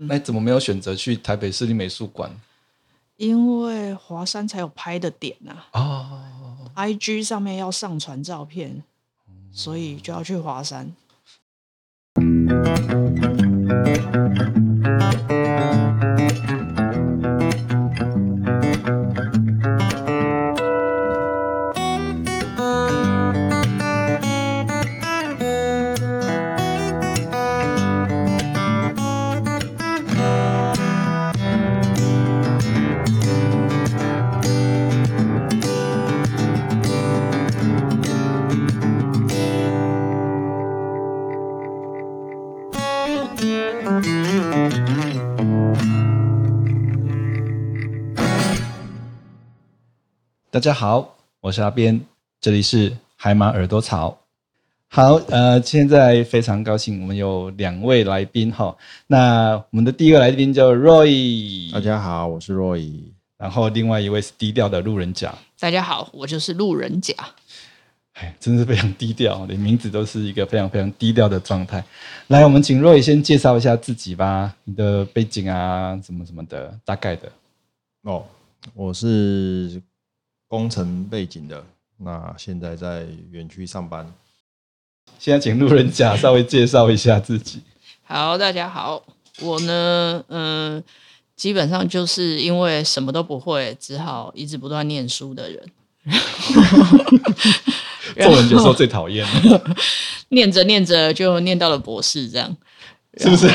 那怎麼沒有選擇去台北市立美術館？因為華山才有拍的點啊。哦，IG 上面要上傳照片，所以就要去華山。嗯嗯大家好，我是阿邊，這裡是海馬耳朵潮。好，呃，現在非常高興，我們有兩位來賓。好，那我們的第一個來賓叫 Roy。大家好，我是 Roy。然後另外一位是低調的路人甲。大家好，我就是路人甲。哎，真的是非常低調，連名字都是一個非常非常低調的狀態。來，我們請 Roy 先介紹一下自己吧，你的背景啊，什麼什麼的，大概的。哦，我是。工程背景的，那現在在園區上班。現在請路人甲稍微介紹一下自己。 好，大家好，我呢，嗯、呃，基本上就是因為什麼都不會，只好一直不斷念書的人。做 人就說最討厭：“最討厭念着念着就念到了博士，這樣是不是？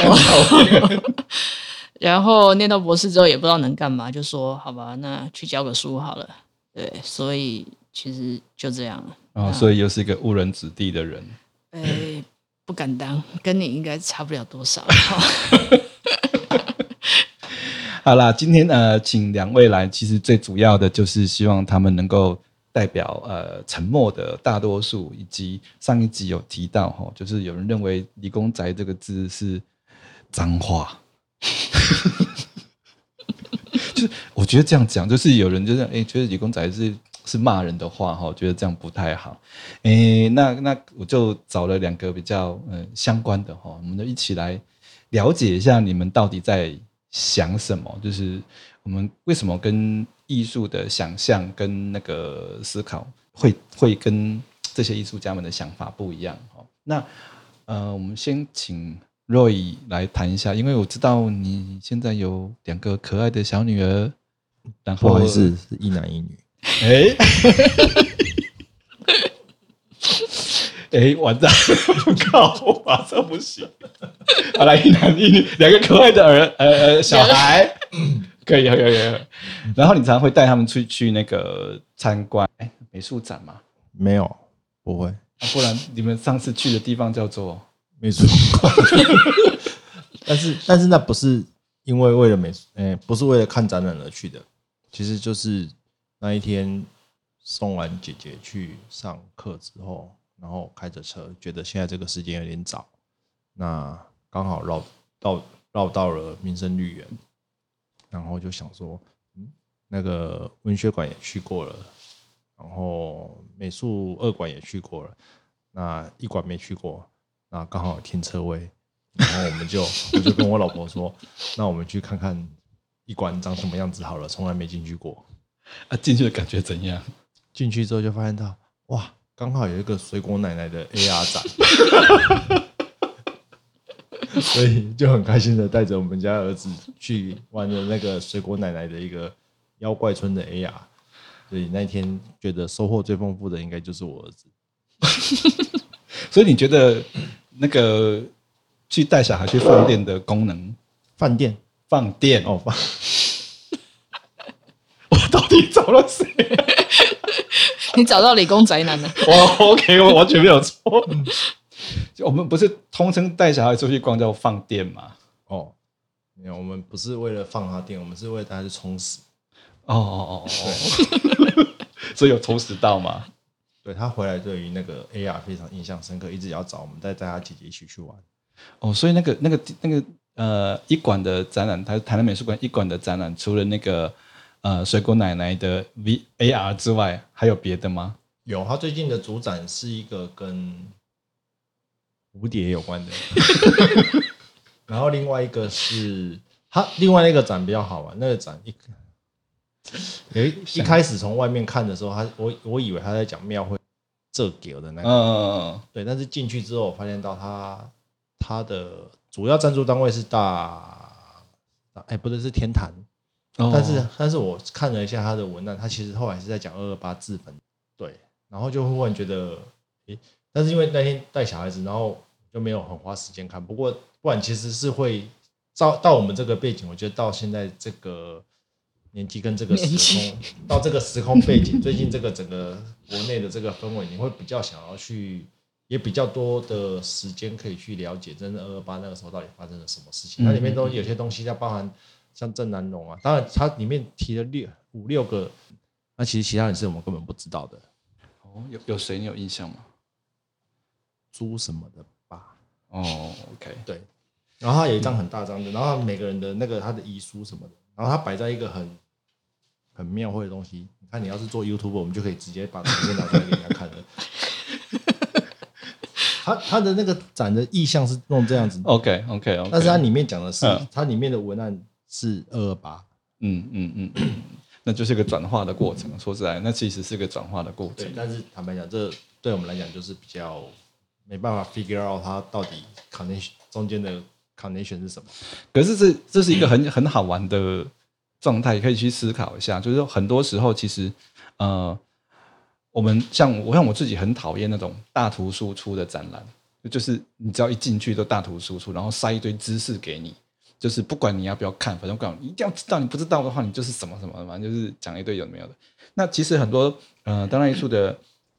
然後念到博士之後也不知道能幹嘛，就說好吧，那去教個書好了。”對，所以其實就這樣。啊、哦，哦、所以又是一個誤人子弟的人。哎、呃，不敢當，跟你應該差不了多少了。 好啦，今天呃，請兩位來，其實最主要的就是希望他們能夠代表呃沉默的大多數，以及上一集有提到哈、哦，就是有人認為“理工宅”這個字是髒話。 是我覺得這樣講，就是有人就是哎、欸，覺得理工宅是是罵人的話哈、喔，覺得這樣不太好。哎、欸，那那我就找了兩個比較嗯、呃、相關的哈、喔，我們就一起來了解一下你們到底在想什麼。就是我們為什麼跟藝術的想象跟那個思考會會跟這些藝術家們的想法不一樣哈、喔？那呃，我們先請。Roy 來談一下，因為我知道你現在有兩個可愛的小女兒，然後不好意思，是一男一女。哎、欸，哎、 欸，完蛋！ 靠我靠，馬上不行。 好了，一男一女，兩個可愛的小呃，呃小孩了、嗯，可以，可以，可以。有嗯、然後你常會帶他們出去，去那個參觀、欸、美術展嗎？沒有，不會、啊。不然你們上次去的地方叫做？美術館，但是但是那不是因為為了美術，哎、欸，不是為了看展覽而去的，其實就是那一天送完姐姐去上課之後，然後開着車，覺得現在這個時間有點早，那剛好繞到繞到了民生綠園，然後就想說，嗯，那個文學館也去過了，然後美術二館也去過了，那一館沒去過。啊，剛好停車位，然後我們就我 就跟我老婆說，那我們去看看一館長什麼樣子好了，從來沒進去過。啊，進去的感覺怎樣？進去之後就發現到哇，剛好有一個水果奶奶的 AR 展， 所以就很開心的帶着我們家兒子去玩了那個水果奶奶的一個妖怪村的 AR，所以那一天覺得收穫最豐富的應該就是我兒子， 所以你覺得？那個去帶小孩去飯店的功能，飯店放電放電哦放， 我到底找了誰、啊？你找到理工宅男了？哇、哦、，OK，我完全沒有錯。 就我們不是通稱帶小孩出去逛叫放電嘛？哦，沒有，我們不是為了放他電，我們是為了大家充實。哦哦哦哦， 所以有充實到嗎？對，他回來，對於那個 A R 非常印象深刻，一直要找我們帶帶他姐姐一起去玩。哦，所以那個、那個、那個呃，一館的展覽，台台南美術館一館的展覽，除了那個呃水果奶奶的 V A R 之外，還有別的嗎？有，他最近的主展是一個跟蝴蝶有關的， 然後另外一個是他另外那個展比較好玩，那個展一看誒， 一開始從外面看的時候，他我我以為他在講廟會這個的那個，嗯嗯嗯，對。但是進去之後，我發現到他他的主要贊助單位是大，哎，不對，是天壇。但是但是我看了一下他的文案，他其實後來是在講二二八自焚。對。然後就忽然覺得，但是因為那天帶小孩子，然後就沒有很花時間看。不過，不然其實是會照到，到我們這個背景，我覺得到現在這個。年紀跟這個時空年紀 到這個時空背景， 最近這個整個國內的這個氛圍，你會比較想要去，也比較多的時間可以去了解，真正二二八那個時候到底發生了什麼事情？它、嗯嗯嗯、裡面都有些東西，要包含像鄭南榕啊，當然它裡面提了六五六個，那其實其他人是我們根本不知道的。哦，有有誰你有印象嗎？朱什麼的吧。哦，OK，對。然後他有一張很大張的，然後每個人的那個他的遺書什麼的，然後他擺在一個很。很廟會的東西，你看你要是做 YouTube，我們就可以直接把圖片拿出來給人家看了。他他 的那個展的意象是弄這樣子，OK OK OK，但是它裡面講的是，啊、它裡面的文案是二二八，嗯嗯嗯，那就是一個轉化的過程。 說實在，那其實是一個轉化的過程。對，但是坦白講，這對我們來講就是比較沒辦法 figure out 它到底 connection 中間的 connection 是什麼。可是這這是一個很 很好玩的。狀態也可以去思考一下，就是說很多時候其實，呃，我們像我像我自己很討厭那種大圖輸出的展覽，就是你只要一進去都大圖輸出，然後塞一堆知識給你，就是不管你要不要看，反正我告訴你一定要知道，你不知道的話你就是什麼什麼，反正就是講一堆有沒有的。那其實很多呃當代藝術的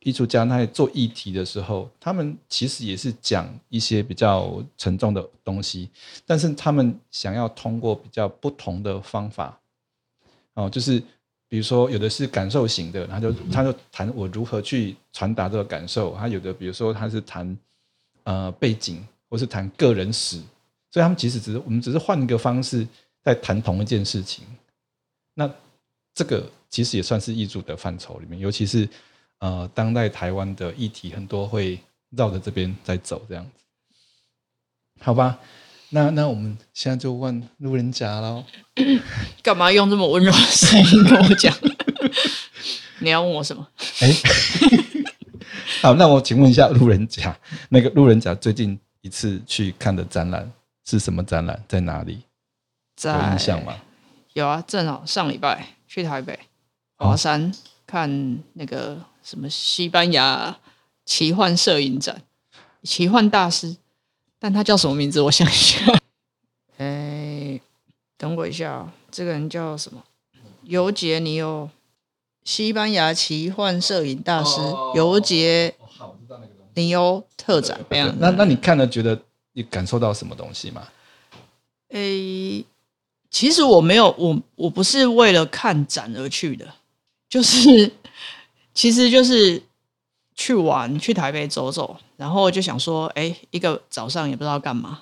藝術家，他在做議題的時候，他們其實也是講一些比較沉重的東西，但是他們想要通過比較不同的方法。哦，就是比如說，有的是感受型的，他就他就談我如何去傳達這個感受；他有的比如說他是談呃背景，或是談個人史。所以他們其實只是我們只是換一個方式在談同一件事情。那這個其實也算是藝術的範疇裡面，尤其是呃當代台灣的議題很多會繞着這邊在走，這樣子，好吧？那那我們現在就問路人甲嘍。幹嘛用這麼溫柔的聲音跟我講？ 你要問我什麼？哎、欸， 好，那我請問一下路人甲，那個路人甲最近一次去看的展覽是什麼展覽？在哪裡？在有印象嗎？有啊，正好上禮拜去台北華山，哦、看那個什麼西班牙奇幻攝影展，奇幻大師。但他叫什麼名字？我想一下。哎，等我一下啊！這個人叫什麼？尤傑尼歐，西班牙奇幻攝影大師尤傑尼歐特展，這樣。那那你看了，覺得你感受到什麼東西嗎？哎，其實我沒有，我我不是為了看展而去的，就是其實就是去玩，去台北走走。然後就想說，哎，一個早上也不知道幹嘛。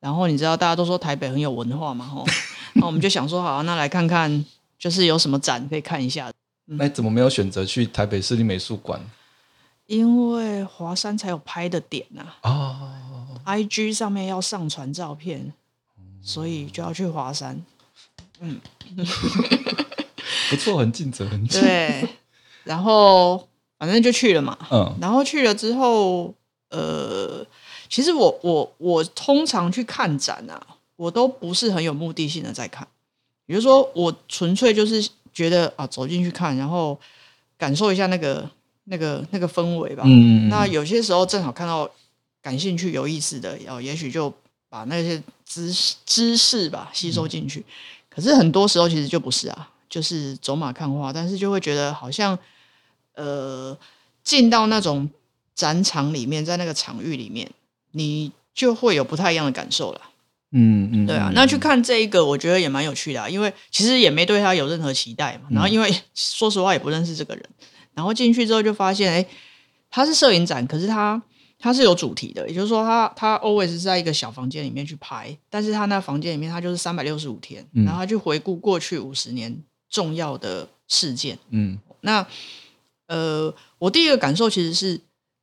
然後你知道大家都說台北很有文化嘛，吼，那我們就想說，好啊，那來看看，就是有什麼展可以看一下。嗯。那怎麼沒有選擇去台北市立美術館？因為華山才有拍的點啊。哦。IG 上面要上傳照片，所以就要去華山。嗯。 不錯，很近，很近。對。然後反正就去了嘛。嗯。然後去了之後。呃，其實我我我通常去看展啊，我都不是很有目的性的在看，比如說我純粹就是覺得啊，走進去看，然後感受一下那個那個那個氛圍吧。嗯，那有些時候正好看到感興趣、有意思的，也許就把那些知知識吧吸收進去。嗯。可是很多時候其實就不是啊，就是走馬看花，但是就會覺得好像呃進到那種。展場裡面，在那個場域裡面，你就會有不太一樣的感受了。嗯。嗯嗯，對啊。嗯、那去看這一個，我覺得也蠻有趣的，啊，嗯、因為其實也沒對他有任何期待嘛。嗯、然後，因為說實話也不認識這個人，然後進去之後就發現，哎、欸，他是攝影展，可是他他是有主題的，也就是說他，他他 always 在一個小房間裡面去拍，但是他那房間裡面，他就是三百六十五天，嗯、然後他去回顧過去五十年重要的事件。嗯，那呃，我第一個感受其實是。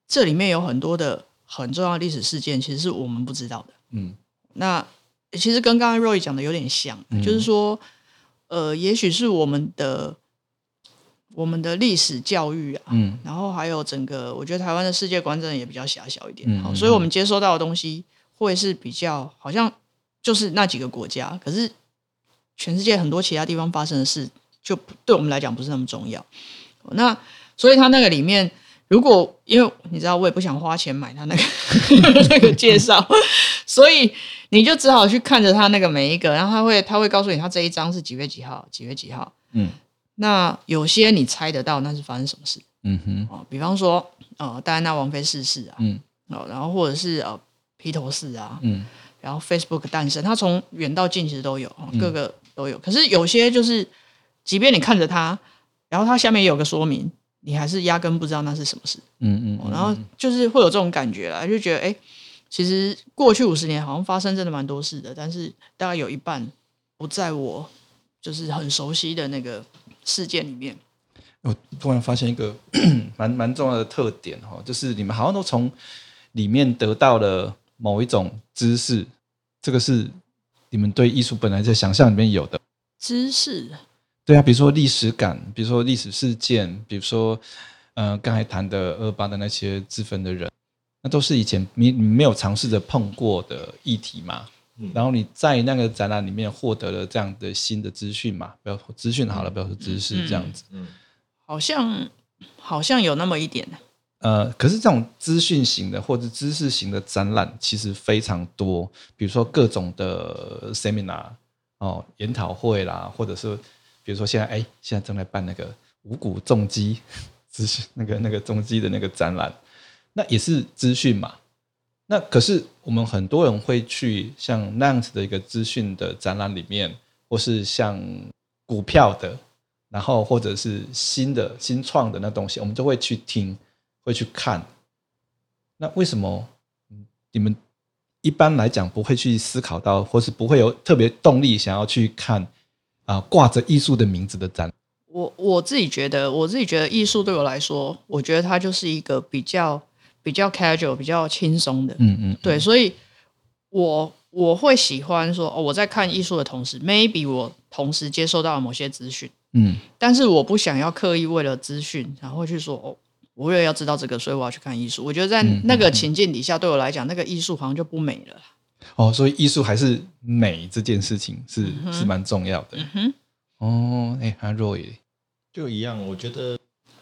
這裡面有很多的很重要的歷史事件，其實是我們不知道的。嗯，那其實跟剛剛 Roy 講的有點像，嗯、就是說，呃，也許是我們的我們的歷史教育啊，嗯、然後還有整個，我覺得台灣的世界觀真的也比較狹小一點，嗯嗯嗯好，所以我們接收到的東西會是比較好像就是那幾個國家，可是全世界很多其他地方發生的事，就對我們來講不是那麼重要。那所以他那個裡面。如果因為你知道我也不想花錢買他那個那個 介紹，所以你就只好去看着他那個每一個，然後他會他會告訴你他這一張是幾月幾號，幾月幾號，嗯，那有些你猜得到那是發生什麼事，嗯哼，哦，比方說，呃，戴安娜王妃逝世啊，嗯，然後或者是呃，披頭士啊，嗯，然後 Facebook 誕生，他從遠到近其實都有，各個都有，嗯、可是有些就是即便你看着他，然後他下面有個說明。你還是壓根不知道那是什麼事，嗯嗯，嗯，嗯，然後就是會有這種感覺啦，就覺得哎、欸，其實過去五十年好像發生真的蠻多事的，但是大概有一半不在我就是很熟悉的那個事件裡面。我突然發現一個蠻蠻 重要的特點哈，就是你們好像都從裡面得到了某一種知識，這個是你們對藝術本來在想象裡面有的知識。對啊，比如說歷史感，比如說歷史事件，比如說，呃，剛才談的二八的那些自焚的人，那都是以前你沒有嘗試着碰過的議題嘛。嗯、然後你在那個展覽裡面獲得了這樣的新的資訊嘛？比如說資訊好了，比如說知識這樣子。嗯，嗯，好像好像有那麼一點。呃，可是這種資訊型的或者知識型的展覽其實非常多，比如說各種的 seminar 哦，研討會啦，或者是。比如說，現在哎、欸，現在正在辦那個五股重機資訊，那個那個重機的那個展覽，那也是資訊嘛。那可是我們很多人會去像那樣子的一個資訊的展覽裡面，或是像股票的，然後或者是新的、新創的那東西，我們都會去聽，會去看。那為什麼你們一般來講不會去思考到，或是不會有特別動力想要去看？啊，掛着藝術的名字的展，我我自己覺得，我自己覺得藝術對我來說，我覺得它就是一個比較比較 casual、比較輕鬆的，嗯，嗯嗯，對，所以我我會喜歡說，哦，我在看藝術的同時，maybe 我同時接受到某些資訊，嗯，但是我不想要刻意為了資訊，然後去說，哦，我也要知道這個，所以我要去看藝術。我覺得在那個情境底下，對我來講，嗯嗯嗯，那個藝術好像就不美了。哦，所以藝術還是美這件事情是、嗯、哼是蠻重要的。嗯哼，哦，哎、欸，阿、啊、Roy 就一樣，我覺得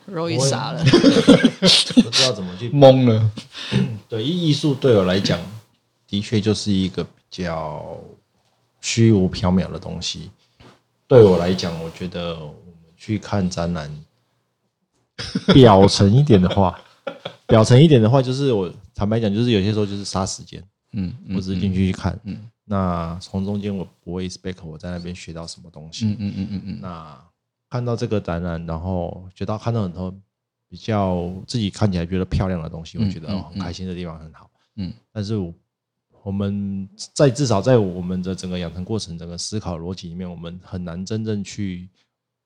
Roy 傻了，我不知道怎麼去懵了。嗯、對，藝藝術對我來講，的確就是一個比較虛無縹緲的東西。對我來講，我覺得我們去看展覽，表層一點的話， 表層一點的話，就是我坦白講，就是有些時候就是殺時間。嗯，嗯，我只是進去去看，嗯。嗯，那從中間我不會 spec，我在那邊學到什麼東西，嗯。嗯嗯嗯嗯嗯。嗯，那看到這個展覽，然後覺得看到很多比較自己看起來覺得漂亮的東西，我覺得很開心的地方很好。嗯。但是我，我們在至少在我們的整個養成過程、整個思考邏輯裡面，我們很難真正去。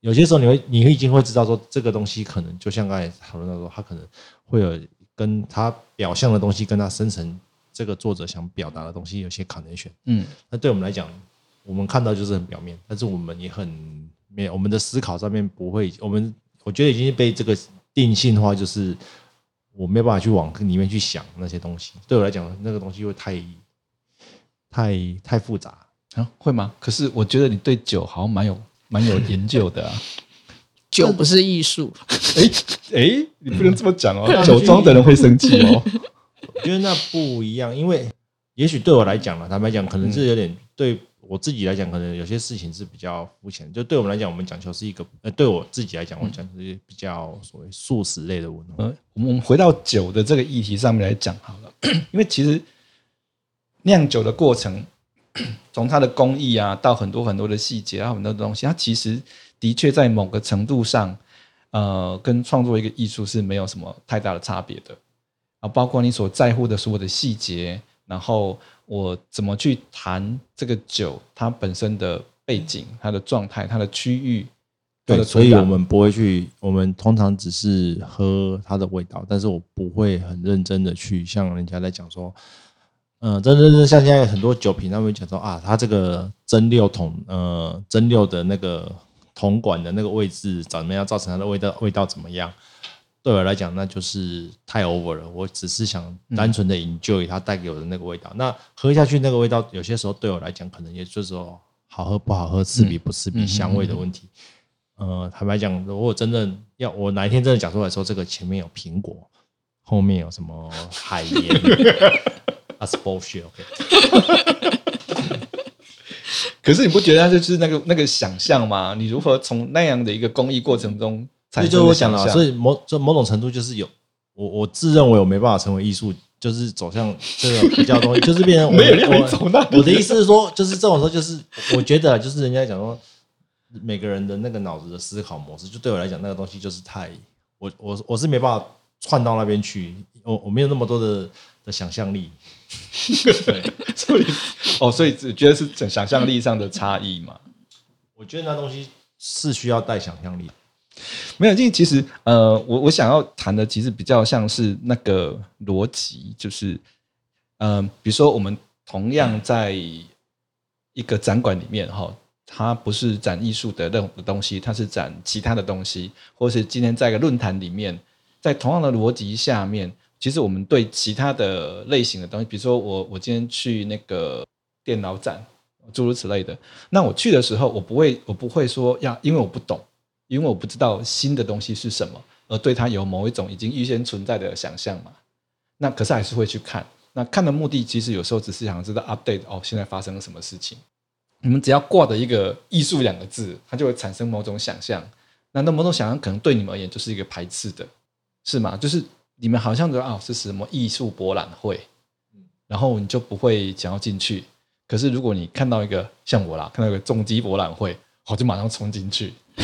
有些時候你會，你會已經會知道說，這個東西可能就像剛才討論到說，它可能會有跟它表象的東西，跟它生成。這個作者想表達的東西有些可能性嗯，那對我們來講，我們看到就是很表面，但是我們也很沒有，我們的思考上面不會，我們我覺得已經被這個定性化，就是我沒有辦法去往裡面去想那些東西。對我來講，那個東西會太、太太複雜啊,、嗯、啊，會嗎？可是我覺得你對酒好像蠻有、蠻有研究的、啊， 酒不是藝術、欸，哎、欸、哎，你不能這麼講哦，酒莊的人會生氣哦。因為 那不一樣，因為也許對我來講嘛，坦白講可能是有點對我自己來講，可能有些事情是比較膚淺。就對我們來講，我們講求是一個，呃，對我自己來講，我講是比較所謂素食類的我們、呃、我們回到酒的這個議題上面來講好了， 因為其實釀酒的過程，從它的工藝啊，到很多很多的細節啊，很多東西，它其實的確在某個程度上，呃，跟創作一個藝術是沒有什麼太大的差別的。啊，包括你所在乎的所有的細節，然後我怎麼去談這個酒它本身的背景、它的狀態、它的區域。對，所以我們不會去，我們通常只是喝它的味道，但是我不會很認真的去像人家在講說，嗯、呃，真的真的像現在很多酒品上面講說啊，它這個蒸餾桶，呃，蒸餾的那個銅管的那個位置怎麼樣，造成它的味道味道怎麼樣。對我來講，那就是太 over 了。我只是想單純的 enjoy 它帶給我的那個味道。嗯、那喝下去那個味道，有些時候對我來講，可能也就是說好喝不好喝，嗯、刺鼻不刺鼻，香味的問題。嗯嗯、呃，坦白講，如果真正要我哪一天真的講出來，說這個前面有蘋果，後面有什麼海鹽，那是 bullshit。可是你不覺得那就是那個那個想象嗎？你如何從那樣的一個工藝過程中？所以就是我講了、啊，所以某就某種程度就是有我我自認為我沒辦法成為藝術，就是走向這種比較東西，就是變成我，我，我的意思是說，就是這種時候，就是我覺得，就是人家講說，每個人的那個腦子的思考模式，就對我來講，那個東西就是太我我我是沒辦法串到那邊去，我我沒有那麼多的的想象力。對，哦，所以只、哦、覺得是想象力上的差異嘛？我覺得那東西是需要帶想象力。沒有，因為其實呃，我我想要談的其實比較像是那個邏輯，就是呃，比如說我們同樣在一個展館裡面哈，嗯、它不是展藝術的任何的東西，它是展其他的東西，或是今天在一個論壇裡面，在同樣的邏輯下面，其實我們對其他的類型的東西，比如說我我今天去那個電腦展，諸如此類的，那我去的時候我，我不會我不會說呀，因為我不懂。因為我不知道新的東西是什麼，而對它有某一種已經預先存在的想象嘛，那可是還是會去看。那看的目的其實有時候只是想知道 update 哦，現在發生了什麼事情。你們只要掛着一個“藝術”兩個字，它就會產生某種想象。那那某種想象可能對你們而言就是一個排斥的，是嗎？就是你們好像覺得啊、哦，是什麼藝術博覽會，然後你就不會想要進去。可是如果你看到一個像我啦，看到一個重機博覽會，我就馬上衝進去。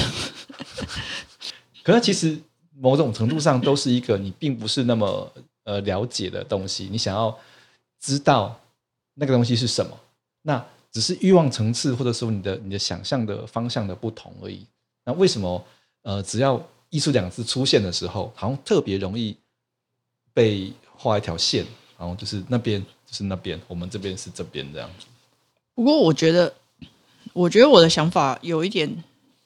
可是，其實某種程度上都是一個你並不是那麼呃了解的東西，你想要知道那個東西是什麼，那只是欲望層次或者說你的你的想象的方向的不同而已。那為什麼呃，只要“藝術”兩個字出現的時候，好像特別容易被畫一條線，然後就是那邊就是那邊，我們這邊是這邊這樣子。不過，我覺得，我覺得我的想法有一點，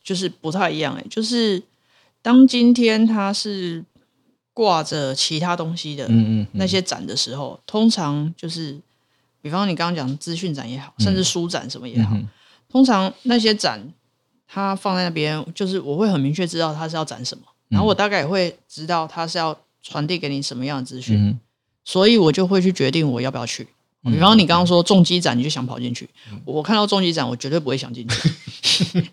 就是不太一樣哎、欸，就是當今天他是掛着其他東西的，那些展的時候，嗯嗯、通常就是，比方你剛剛講資訊展也好，甚至書展什麼也好，嗯、通常那些展他放在那邊，就是我會很明確知道他是要展什麼，嗯、然後我大概也會知道他是要傳遞給你什麼樣的資訊，嗯、所以我就會去決定我要不要去。比方你剛剛說重機展，你就想跑進去，嗯、我看到重機展，我絕對不會想進去。嗯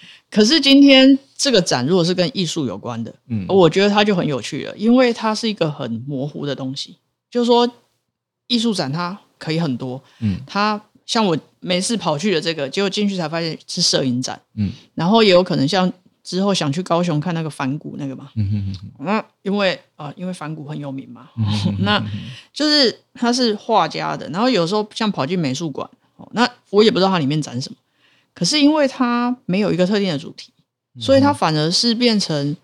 可是今天這個展如果是跟藝術有關的，嗯，我覺得它就很有趣了，因為它是一個很模糊的東西。就是、說藝術展它可以很多，嗯，它像我每次跑去的這個，結果進去才發現是攝影展，嗯，然後也有可能像之後想去高雄看那個梵谷那個嘛，嗯嗯嗯，那因為啊、呃，因為梵谷很有名嘛，嗯、哼哼哼 那就是他是畫家的，然後有時候像跑進美術館，那我也不知道它裡面展什麼。可是因為它沒有一個特定的主題，嗯、所以它反而是變成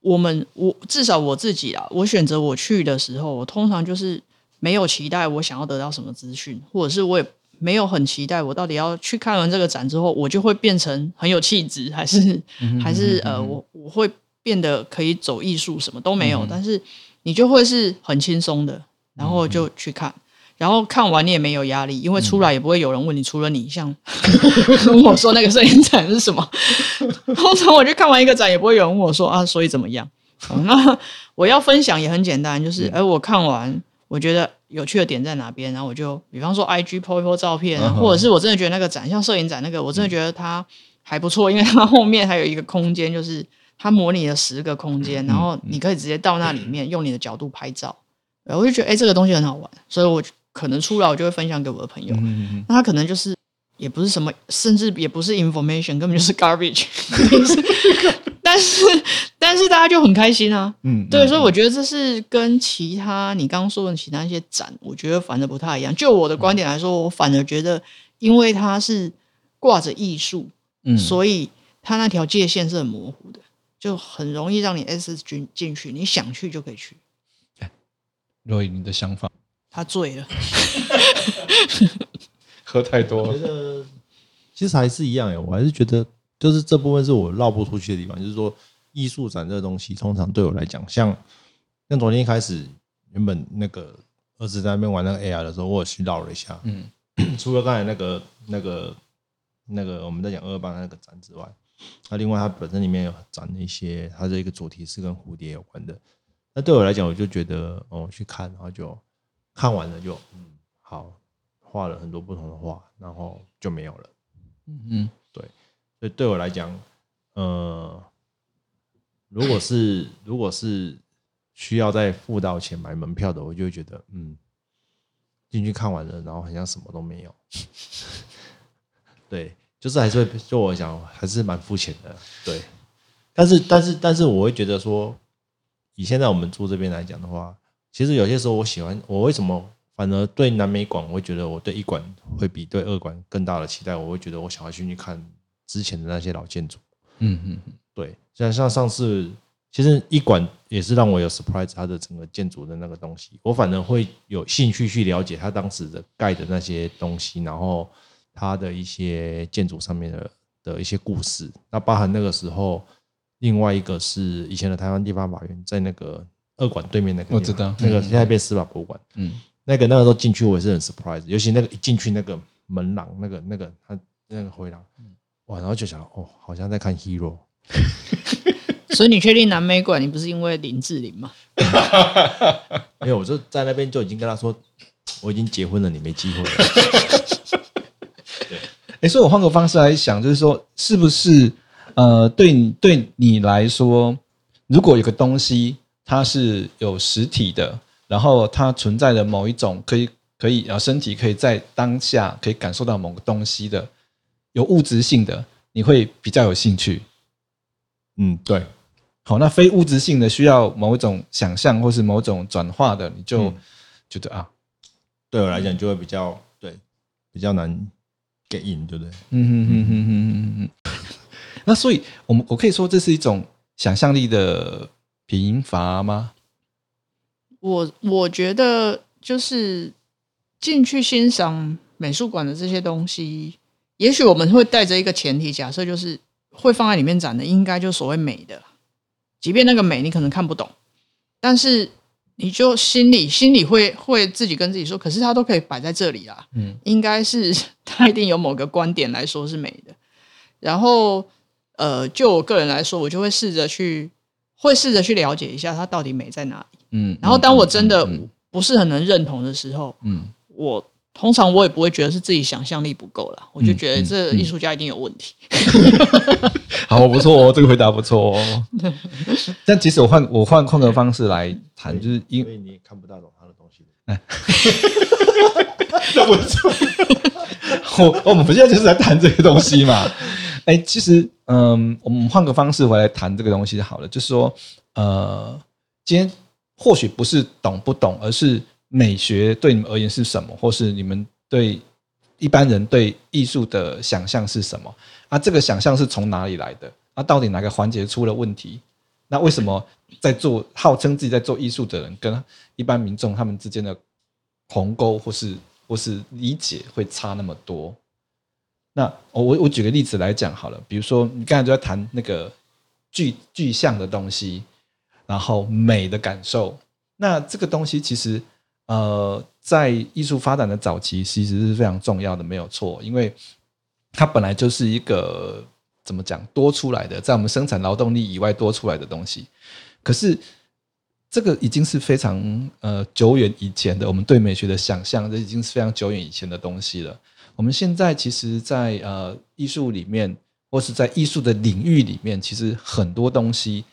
我們我至少我自己啊，我選擇我去的時候，我通常就是沒有期待我想要得到什麼資訊，或者是我也沒有很期待我到底要去看完這個展之後，我就會變成很有氣質，還是嗯嗯還是呃，我我會變得可以走藝術什麼都沒有，嗯、但是你就會是很輕鬆的，然後就去看。嗯然後看完你也沒有壓力，因為出來也不會有人問你。嗯、除了你，像 我說那個攝影展是什麼？通常我去看完一個展也不會有人問我說啊，所以怎麼樣？那我要分享也很簡單，就是哎，我看完我覺得有趣的點在哪邊？然後我就比方說，I G po 一 po 照片，啊、或者是我真的覺得那個展，啊、像攝影展那個，我真的覺得它還不錯，嗯、因為它後面還有一個空間，就是它模擬了十個空間，嗯嗯、然後你可以直接到那裡面、嗯、用你的角度拍照。我就覺得哎、欸，這個東西很好玩，所以我。可能出來我就會分享給我的朋友，嗯、那他可能就是也不是什麼，甚至也不是 information，根本就是 garbage。 但是但是大家就很開心啊，嗯，對，嗯、所以我覺得這是跟其他你剛剛說的其他一些展，我覺得反而不太一樣。就我的觀點來說，嗯、我反而覺得，因為它是掛着藝術，嗯，所以它那條界限是很模糊的，就很容易讓你 s 進進去，你想去就可以去。若以你的想法。他醉了， 喝太多了。 覺得其實還是一樣誒、欸，我還是覺得就是這部分是我繞不出去的地方。就是說，藝術展這個東西，通常對我來講，像像昨天一開始原本那個兒子在那邊玩那個 AR 的時候，我去繞了一下。嗯，除了剛才那個，那個那個那個我們在講二二八那個展之外，那另外它本身裡面有展一些，它這一個主題是跟蝴蝶有關的。那對我來講，我就覺得哦，去看然後就。看完了就好，好畫了很多不同的畫，然後就沒有了。嗯嗯，對，所以對我來講，呃，如果是如果是需要再付到錢買門票的，我就會覺得，嗯，進去看完了，然後好像什麼都沒有。嗯、對，就是還是會就我想，還是蠻膚淺的。對，但是但是但是，但是我會覺得說，以現在我們住這邊來講的話。其實有些時候，我喜歡我為什麼反而對南美館，我會覺得我對一館會比對二館更大的期待。我會覺得我想要去去看之前的那些老建築。嗯嗯，對，像像上次，其實一館也是讓我有 surprise，它的整個建築的那個東西，我反而會有興趣去了解它當時的蓋的那些東西，然後它的一些建築上面的的一些故事。那包含那個時候，另外一個是以前的台灣地方法院在那個。二館對面那個，那個我知道，那個現在變司法博物館。嗯，嗯，嗯嗯、那個那個時候進去我也是很 surprise，尤其那個一進去那個門廊，那個那個他那個迴廊。哇，然後就想哦，好像在看 hero。 所以你確定南美館？你不是因為林志玲嗎？沒 有、欸，我就在那邊就已經跟他說，我已經結婚了，你沒機會了。 對，哎、欸，所以我換個方式來想，就是說，是不是呃，對你對你來說，如果有個東西。它是有實體的，然後它存在的某一種可以可以啊，然後身體可以在當下可以感受到某個東西的，有物質性的，你會比較有興趣。嗯，對。好，那非物質性的需要某一種想象或是某一種轉化的，你就、嗯、覺得啊，對我來講你就會比較對，比較難 get in，對不對？嗯哼哼哼哼哼、哼。 那所以我們我可以說這是一種想象力的。貧乏嗎？我我覺得就是進去欣賞美術館的這些東西，也許我們會帶着一個前提假設，就是會放在裡面展的，應該就所謂美的。即便那個美你可能看不懂，但是你就心裡心裡會會自己跟自己說，可是它都可以擺在這裡啊，嗯，應該是它一定有某個觀點來說是美的。 然後呃，就我個人來說，我就會試着去。.會試着去了解一下它到底美在哪裡，嗯。嗯，然後當我真的不是很能認同的時候，嗯，嗯嗯我通常我也不會覺得是自己想象力不夠了，嗯、我就覺得這藝術家一定有問題。好，不錯、哦，這個回答不錯、哦。但其實我換我換換個方式來談，對就是因為，對因為你也看不大懂他的東西的、哎。 不錯， 我就是在談這些東西嘛。哎、其實。嗯，我們換個方式回來談這個東西好了。就是說，呃，今天或許不是懂不懂，而是美學對你們而言是什麼，或是你們對一般人對藝術的想象是什麼？啊，這個想象是從哪裡來的？啊，到底哪個環節出了問題？那為什麼在做號稱自己在做藝術的人，跟一般民眾他們之間的鴻溝，或是或是理解會差那麼多？那我我我舉個例子來講好了，比如說你剛才就在談那個具具象的東西，然後美的感受，那這個東西其實呃，在藝術發展的早期，其實是非常重要的，沒有錯，因為它本來就是一個怎麼講多出來的，在我們生產勞動力以外多出來的東西，可是這個已經是非常呃久遠以前的，我們對美學的想象，這已經是非常久遠以前的東西了。我們現在其實在，在呃藝術裡面，或是在藝術的領域裡面，其實很多東西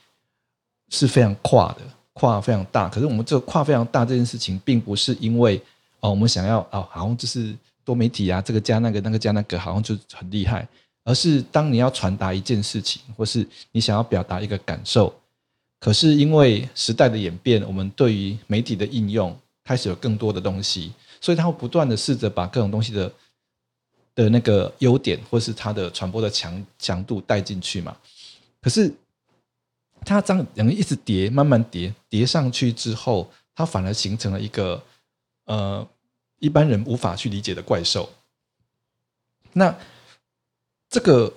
是非常跨的，跨非常大。可是我們這個跨非常大這件事情，並不是因為哦，我們想要哦，好像就是多媒體啊，這個加那個，那個加那個，好像就很厲害。而是當你要傳達一件事情，或是你想要表達一個感受，可是因為時代的演變，我們對於媒體的應用開始有更多的東西，所以它會不斷地試着把各種東西的。的那個優點，或是它的傳播的強強度帶進去嘛？可是它這樣，然後一直疊，慢慢疊疊上去之後，它反而形成了一個呃一般人無法去理解的怪獸。那這個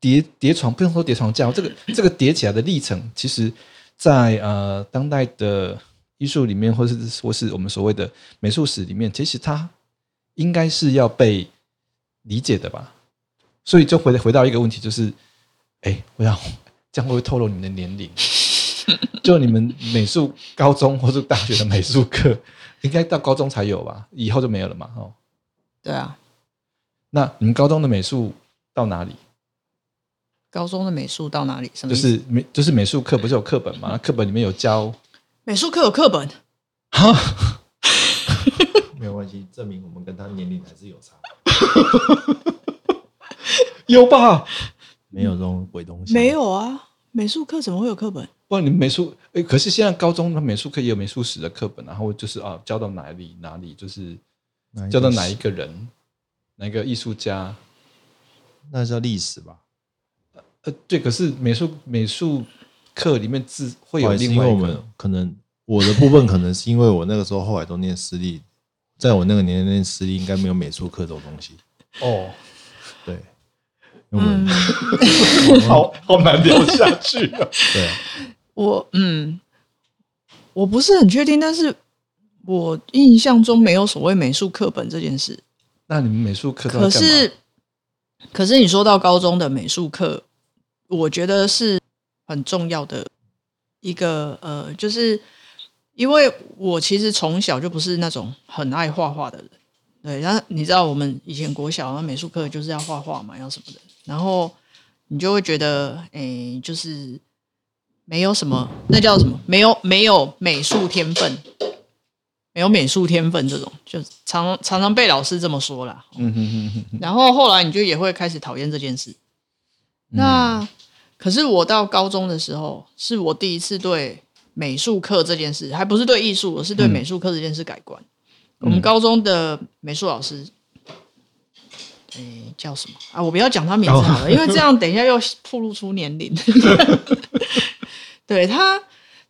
疊疊床，不用說疊床架，這個這個疊起來的歷程，其實在，在呃當代的藝術裡面，或是或是我們所謂的美術史裡面，其實它應該是要被。理解的吧，所以就回回到一個問題，就是，哎、欸，我想這樣會不會透露你們的年齡？ 就你們美術高中或者大學的美術課，應該到高中才有吧，以後就沒有了嘛？哦，對啊。那你們高中的美術到哪裡？高中的美術到哪裡？什麼？就是美，就是美術課不是有課本嗎？那課 本裡面有教美術課有課本？啊。沒有關係，證明我們跟他年齡還是有差， 有吧？沒有這種鬼東西、嗯，沒有啊。美術課怎麼會有課本？不然，你美術、欸，可是現在高中的美術課也有美術史的課本，然後就是啊，教到哪裡哪裡，就是教到哪一個人，哪個藝術家，那叫歷史吧？呃，對，可是美術美術課裡面自會有另外一個，因為我們可能，我的部分可能是因為我那個時候後來都念私立。在我那個年齡時，應該沒有美術課這種東西。哦，對，我、嗯、 好好難聊下去 對、啊。對我嗯，我不是很確定，但是我印象中沒有所謂美術課本這件事。那你們美術課可是，可是你說到高中的美術課，我覺得是很重要的一個呃，就是。因為我其實從小就不是那種很愛畫畫的人，對，然後你知道我們以前國小啊美術課就是要畫畫嘛，要什麼的，然後你就會覺得，誒、欸，就是沒有什麼，那叫什麼？沒有沒有美術天分，沒有美術天分這種，就常常常被老師這麼說啦。嗯、哼哼哼。然後後來你就也會開始討厭這件事。那、嗯、可是我到高中的時候，是我第一次對。美術課這件事還不是對藝術，而是對美術課這件事改觀。嗯、我們高中的美術老師、嗯欸，叫什麼啊？我不要講他名字好了，哦、因為這樣等一下又透露出年齡。 對他，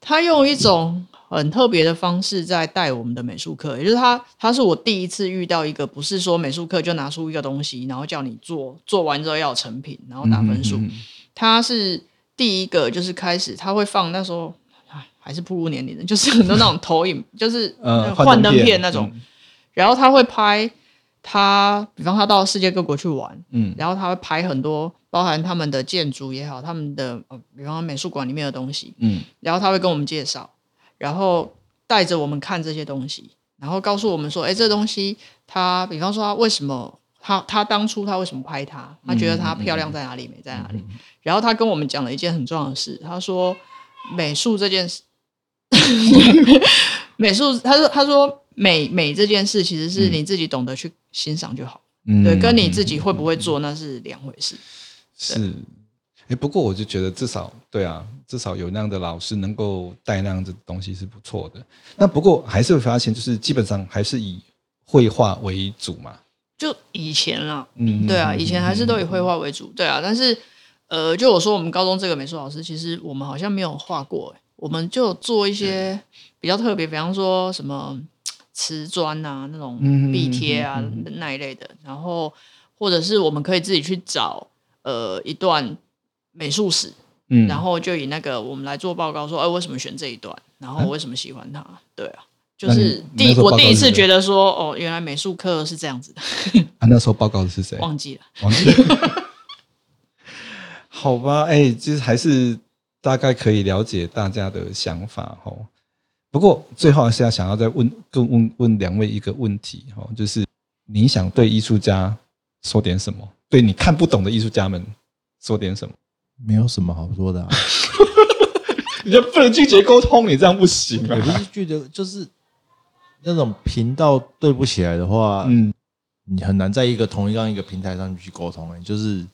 他用一種很特別的方式在帶我們的美術課，也就是他，他是我第一次遇到一個不是說美術課就拿出一個東西，然後叫你做，做完之後要成品，然後打分數。嗯嗯，他是第一個，就是開始他會放那時候，還是步入年齡的，就是很多那種投影，嗯、就是幻燈片、嗯、那種。然後他會拍他，比方他到世界各國去玩，嗯，然後他會拍很多包含他們的建築也好，他們的呃，比方美術館裡面的東西，嗯，然後他會跟我們介紹，然後帶着我們看這些東西，然後告訴我們說，哎、欸，這個、東西他，比方說他為什麼他他當初他為什麼拍它，他覺得它漂亮在哪裡，美、嗯、在哪裡。嗯嗯然後他跟我們講了一件很重要的事，他說美術這件事。 美術，他說：“他說美美這件事，其實是你自己懂得去欣賞就好。嗯、對，跟你自己會不會做那是兩回事。嗯、對是、欸，不過我就覺得至少對啊，至少有那樣的老師能夠帶那樣的東西是不錯的。那不過還是會發現，就是基本上還是以繪畫為主嘛。就以前啊，嗯，對啊，以前還是都以繪畫為主，對啊。但是，呃，就我說，我們高中這個美術老師，其實我們好像沒有畫過、欸，我們就做一些比較特別，比方說什麼瓷磚啊、那種壁貼啊那一類的，然後或者是我們可以自己去找呃一段美術史，嗯、然後就以那個我們來做報告說，哎、欸，為什麼選這一段？然後為什麼喜歡它？欸、對啊，就是第一，那那是我第一次覺得說，哦，原來美術課是這樣子的。 啊，那時候報告的是誰？忘記了。忘記了 好吧，哎、欸，其實還是。大概可以了解大家的想法哦，不過最後還是要想要再問，更問問兩位一個問題哈、哦，就是你想對藝術家說點什麼？對你看不懂的藝術家們說點什麼？沒有什麼好說的、啊， 你就不能拒絕溝通，你這樣不行啊！你不是拒絕，就是那種頻道對不起來的話，嗯，你很難在一個同一樣一個平台上去溝通。就是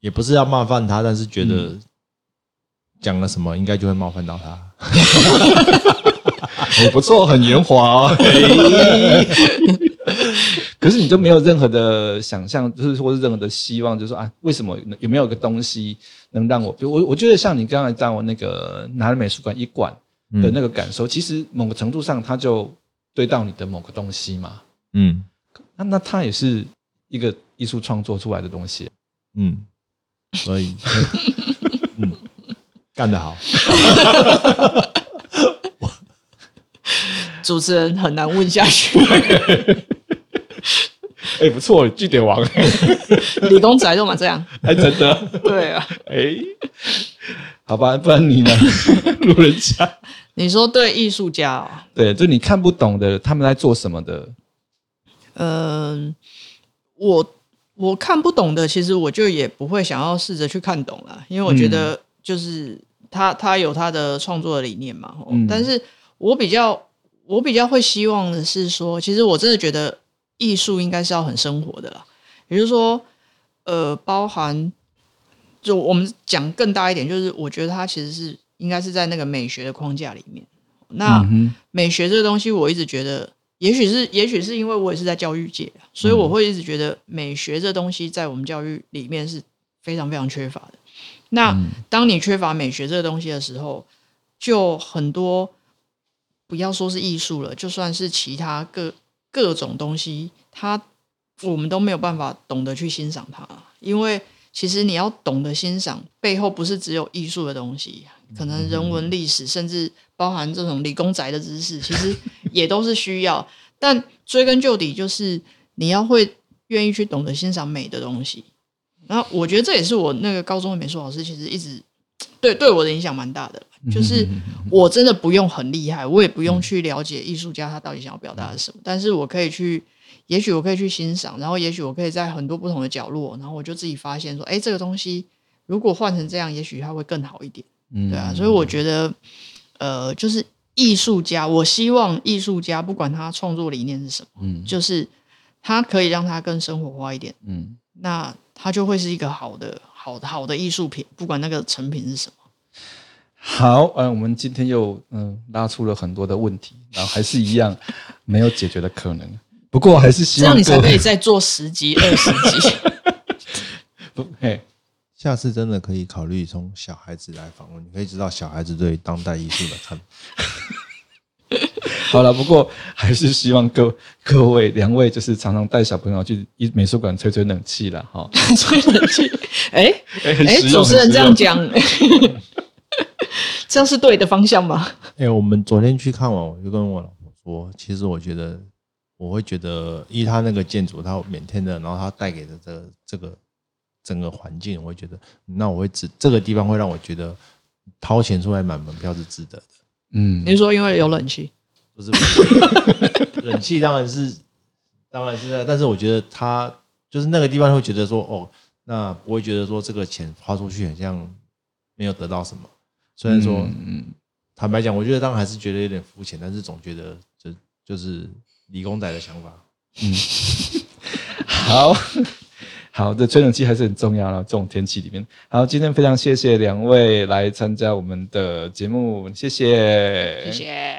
也不是要冒犯他，但是覺得。嗯講了什麼，應該就會冒犯到他。也 不錯，很圓滑，哦。 可是你就沒有任何的想象，就是或是任何的希望，就是說啊，為什麼有沒有一個東西能讓我，比如我我覺得像你剛才在我那個南美術館一館的那個感受，嗯，其實某個程度上，他就對到你的某個東西嘛。嗯，啊，那那他也是一個藝術創作出來的東西。嗯，所以， 嗯。幹得好！ 哇 主持人很難問下去。哎，不錯，句點王、欸，理 工宅都嘛，這樣哎真的啊 對啊。哎，好吧，不然你呢？ 路人甲，你說對藝術家、喔？對，就你看不懂的，他們在做什麼的？嗯，我我看不懂的，其實我就也不會想要試着去看懂了，因為我覺得。嗯就是他，他有他的創作的理念嘛，但是我比較，我比較會希望的是說，其實我真的覺得藝術應該是要很生活的啦。也就是說，呃，包含就我們講更大一點，就是我覺得它其實是應該是在那個美學的框架裡面。那美學這個東西，我一直覺得，也許是，也許是因為我也是在教育界，所以我會一直覺得美學這東西在我們教育裡面是非常非常缺乏的。那當你缺乏美學這個東西的時候，就很多，不要說是藝術了，就算是其他各各種東西，它我們都沒有辦法懂得去欣賞它。因為其實你要懂得欣賞，背後不是只有藝術的東西，可能人文歷史，甚至包含這種理工宅的知識，其實也都是需要。 但追根究底，就是你要會願意去懂得欣賞美的東西。那我覺得這也是我那個高中的美術老師其實一直對對我的影響蠻大的，就是我真的不用很厲害，我也不用去了解藝術家他到底想要表達的是什麼，嗯、但是我可以去，也許我可以去欣賞，然後也許我可以在很多不同的角落，然後我就自己發現說，哎、欸，這個東西如果換成這樣，也許它會更好一點，嗯、對啊。所以我覺得，呃，就是藝術家，我希望藝術家不管他創作理念是什麼，嗯，就是他可以讓他更生活化一點，嗯，那。它就會是一個好的、好的、好的藝術品，不管那個成品是什麼。好，嗯、呃，我們今天又嗯、呃、拉出了很多的問題，然後還是一樣 沒有解決的可能。不過還是希望這樣，你才可以再做十集、二十 集 不嘿。下次真的可以考慮從小孩子來訪問，你可以知道小孩子對當代藝術的看法。 好了，不過還是希望各各位兩位就是常常帶小朋友去美術館吹吹冷氣啦哈， 吹冷氣，哎哎，主持人這樣講， 這樣是對的方向嗎？哎、欸，我們昨天去看完，我就跟我老婆說，其實我覺得我會覺得，依他那個建築，他每天的，然後他帶給的這個、這個整個環境，我會覺得，那我會這這個地方會讓我覺得掏錢出來買門票是值得的。嗯，你說因為有冷氣。 冷氣當然是，當然是在，但是我覺得他就是那個地方會覺得說，哦，那不會覺得說這個錢花出去很像沒有得到什麼。雖然說，嗯嗯、坦白講，我覺得當然還是覺得有點膚淺，但是總覺得這就，就是理工仔的想法。嗯， 好好的，吹冷氣還是很重要了。這種天氣裡面，好，今天非常謝謝兩位來參加我們的節目，謝謝，謝謝。